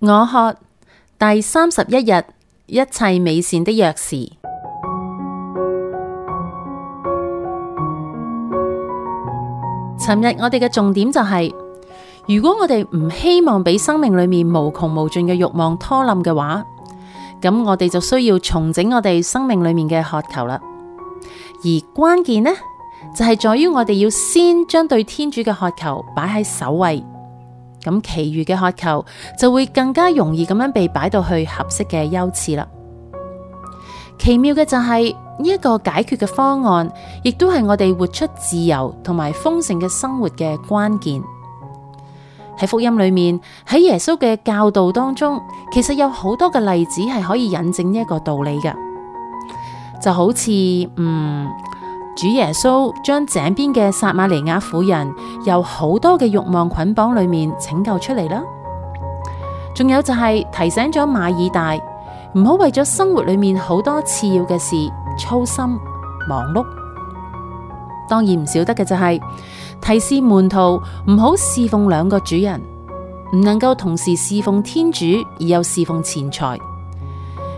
我渴第三十一日，一切美善的鑰匙。尋日我哋嘅重點就係、是，如果我哋唔希望俾生命裏面無窮無盡嘅慾望拖冧嘅話，咁我哋就需要重整我哋生命裏面嘅渴求啦。而關鍵呢，就係、是、在於我哋要先將對天主嘅渴求擺喺首位。咁其餘嘅渴求就會更加容易咁樣被擺到去合適嘅優次啦。奇妙嘅就係呢一個解決嘅方案，亦都係我哋活出自由同埋豐盛嘅生活嘅關鍵。喺福音裏面，喺耶穌嘅教導當中，其實有好多嘅例子係可以引證呢一個道理嘅，就好似嗯。主耶穌將井邊嘅撒瑪黎雅婦人由好多嘅慾望捆綁裏面拯救出嚟啦。仲有就係提醒咗馬爾大，唔好為咗生活裏面好多次要嘅事操心忙碌。當然唔少得嘅就係、是、提示門徒唔好侍奉兩個主人，唔能夠同時侍奉天主而又侍奉錢財。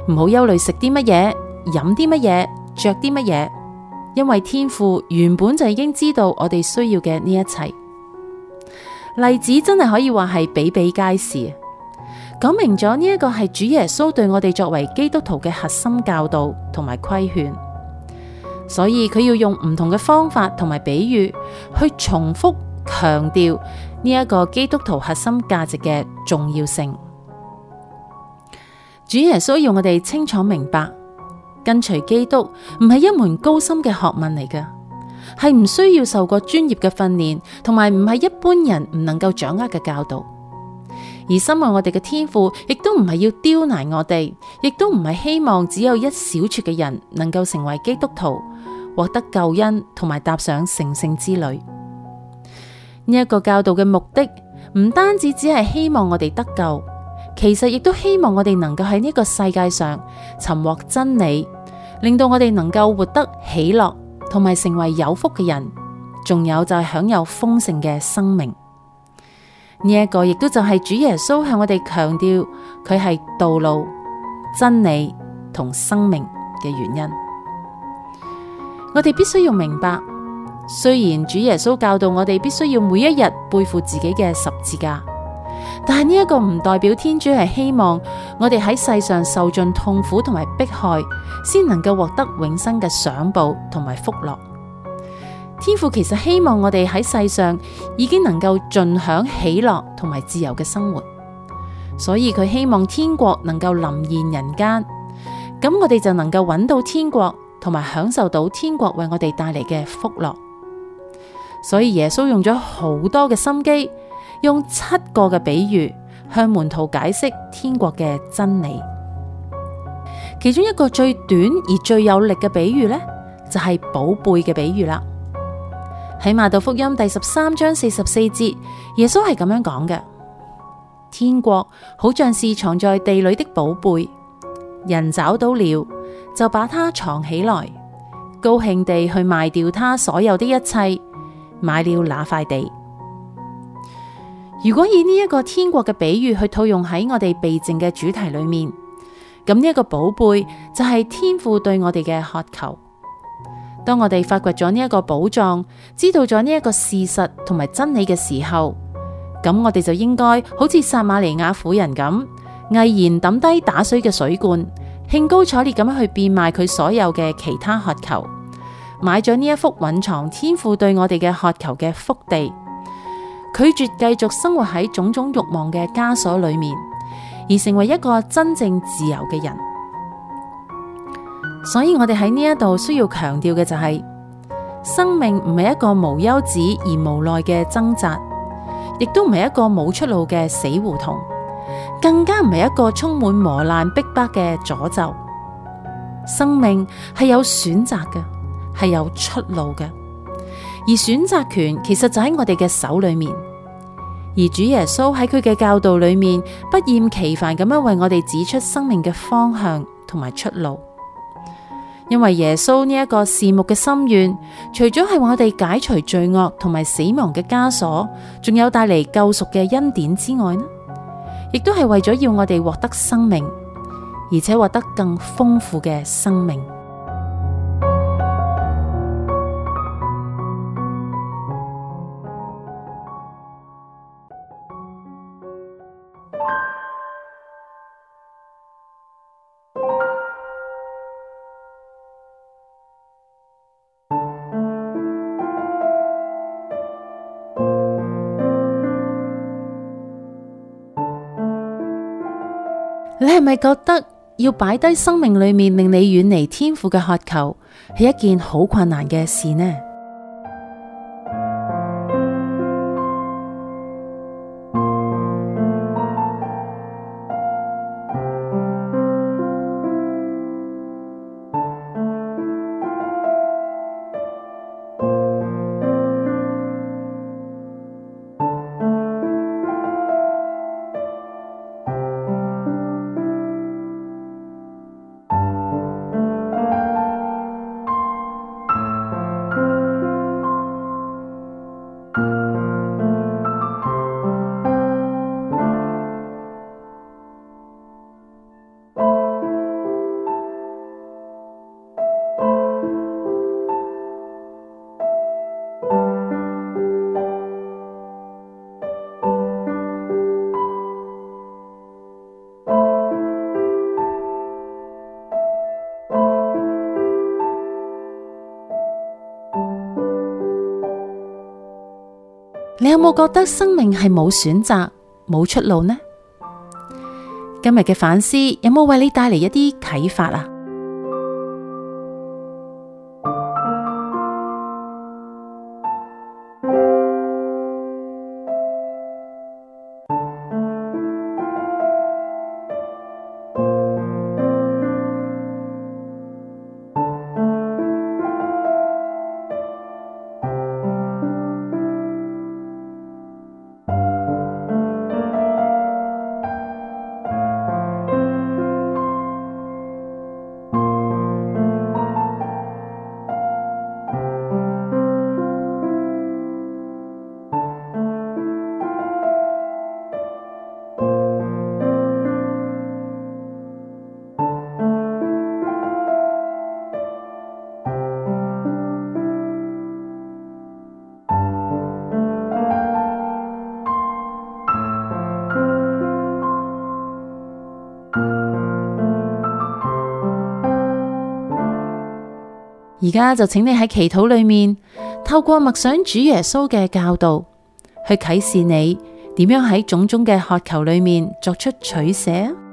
唔好憂慮食啲乜嘢，飲啲乜嘢，着啲乜嘢。因為天父原本就已經知道我哋需要嘅呢一切，例子真係可以話係比比皆是，講明咗呢一個係主耶穌對我哋作為基督徒嘅核心教導同埋規勸，所以佢要用唔同嘅方法同埋比喻去重複強調呢一個基督徒核心價值嘅重要性。主耶穌要我哋清楚明白。跟隨基督唔係一門高深嘅學問嚟嘅，係唔需要受過專業嘅訓練，同埋唔係一般人唔能夠掌握嘅教導。而深愛我哋嘅天父，亦都唔係要刁難我哋，亦都唔係希望只有一小撮嘅人能夠成為基督徒，獲得救恩同埋踏上成聖之旅。呢一個教導嘅目的唔單止只係希望我哋得救，其實亦都希望我哋能夠喺呢個世界上尋獲真理。令到我哋能夠活得喜樂，同埋成為有福嘅人，仲有就係享有豐盛嘅生命。呢一個亦都就係主耶穌向我哋強調佢係道路、真理同生命嘅原因。我哋必須要明白，雖然主耶穌教導我哋必須要每一日背負自己嘅十字架。但係呢一個唔代表天主係希望我哋喺世上受盡痛苦同埋迫害，先能夠獲得永生嘅賞報同埋福樂。天父其實希望我哋喺世上已經能夠盡享喜樂同埋自由嘅生活，所以佢希望天國能夠臨現人間，咁我哋就能夠搵到天國同埋享受到天國為我哋帶嚟嘅福樂。所以耶穌用咗好多嘅心機。用七個嘅比喻向門徒解釋天國嘅真理，其中一個最短而最有力嘅比喻呢就係寶貝嘅比喻啦。喺瑪竇福音第十三章四十四節，耶穌係咁樣講嘅，天國好像是藏在地裏的寶貝，人找到了，就把它藏起來，高興地去賣掉他所有的一切，買了那塊地。如果以呢一個天國嘅比喻去套用喺我哋避靜嘅主題裏面，咁呢一個寶貝就係天父對我哋嘅渴求。當我哋發掘咗呢一個寶藏，知道咗呢一個事實同埋真理嘅時候，咁我哋就應該好似撒瑪黎雅婦人咁，毅然抌低打水嘅水罐，興高采烈咁去變賣佢所有嘅其他渴求，買咗呢一幅蘊藏天父對我哋嘅渴求嘅福地。拒絕繼續生活喺種種慾望嘅枷鎖裏面，而成為一個真正自由嘅人。所以我哋喺呢一度需要強調嘅就係，生命唔係一個無休止而無奈嘅掙扎，亦都唔係一個冇出路嘅死胡同，更加唔係一個充滿磨難逼迫嘅詛咒。生命係有選擇嘅，係有出路嘅。而選擇權其實就喺我哋嘅手裏面，而主耶穌喺佢嘅教導裏面不厭其煩咁樣為我哋指出生命嘅方向同埋出路。因為耶穌呢一個善牧嘅心願，除咗係為我哋解除罪惡同埋死亡嘅枷鎖，仲有帶嚟救贖嘅恩典之外呢，亦都係為咗要我哋獲得生命，而且獲得更豐富嘅生命。你係咪覺得要擺低生命裏面令你遠離天父嘅渴求，係一件好困難嘅事呢？你有冇覺得生命係冇選擇、冇出路呢？今日嘅反思有冇為你帶嚟一啲啟發啊？而家就請你喺祈禱裏面，透過默想主耶穌嘅教導，去啟示你點樣喺種種嘅渴求裏面作出取捨。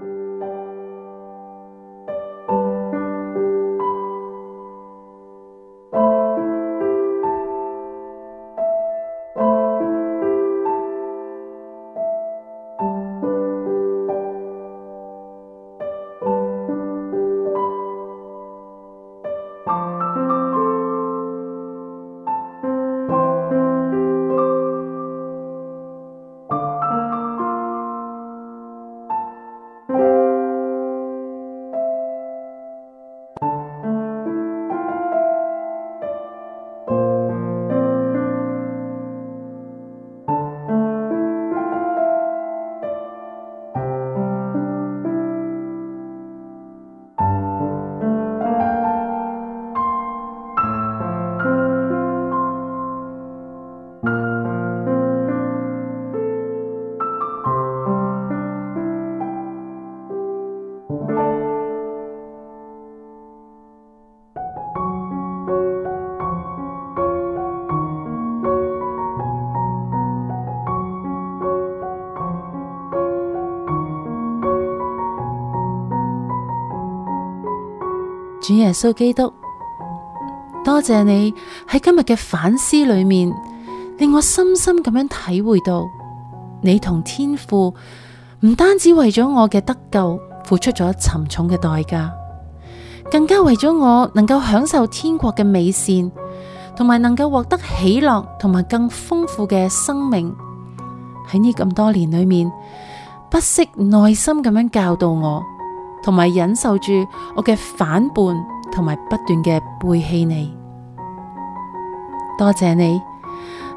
主耶穌基督，多謝你喺今日嘅反思裏面，令我深深咁樣體會到，你同天父唔單止為咗我嘅得救付出咗沉重嘅代價，更加為咗我能夠享受天國嘅美善，同埋能夠獲得喜樂同埋更豐富嘅生命。喺呢咁多年裏面，不惜耐心咁樣教導我。同埋忍受住我嘅反叛，同埋不斷嘅背棄你。多謝你，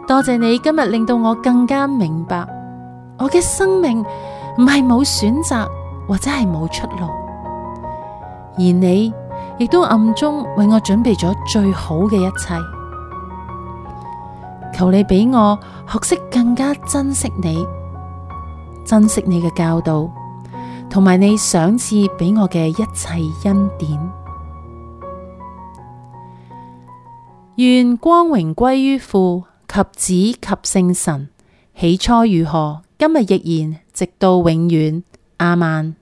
多謝你今日令到我更加明白，我嘅生命唔係冇選擇或者係冇出路，而你亦都暗中為我準備咗最好嘅一切。求你俾我學識更加珍惜你，珍惜你嘅教導，同埋你賞賜畀我嘅一切恩典，願光榮歸於父及子及聖神，起初如何，今日亦然，直到永遠。亞孟。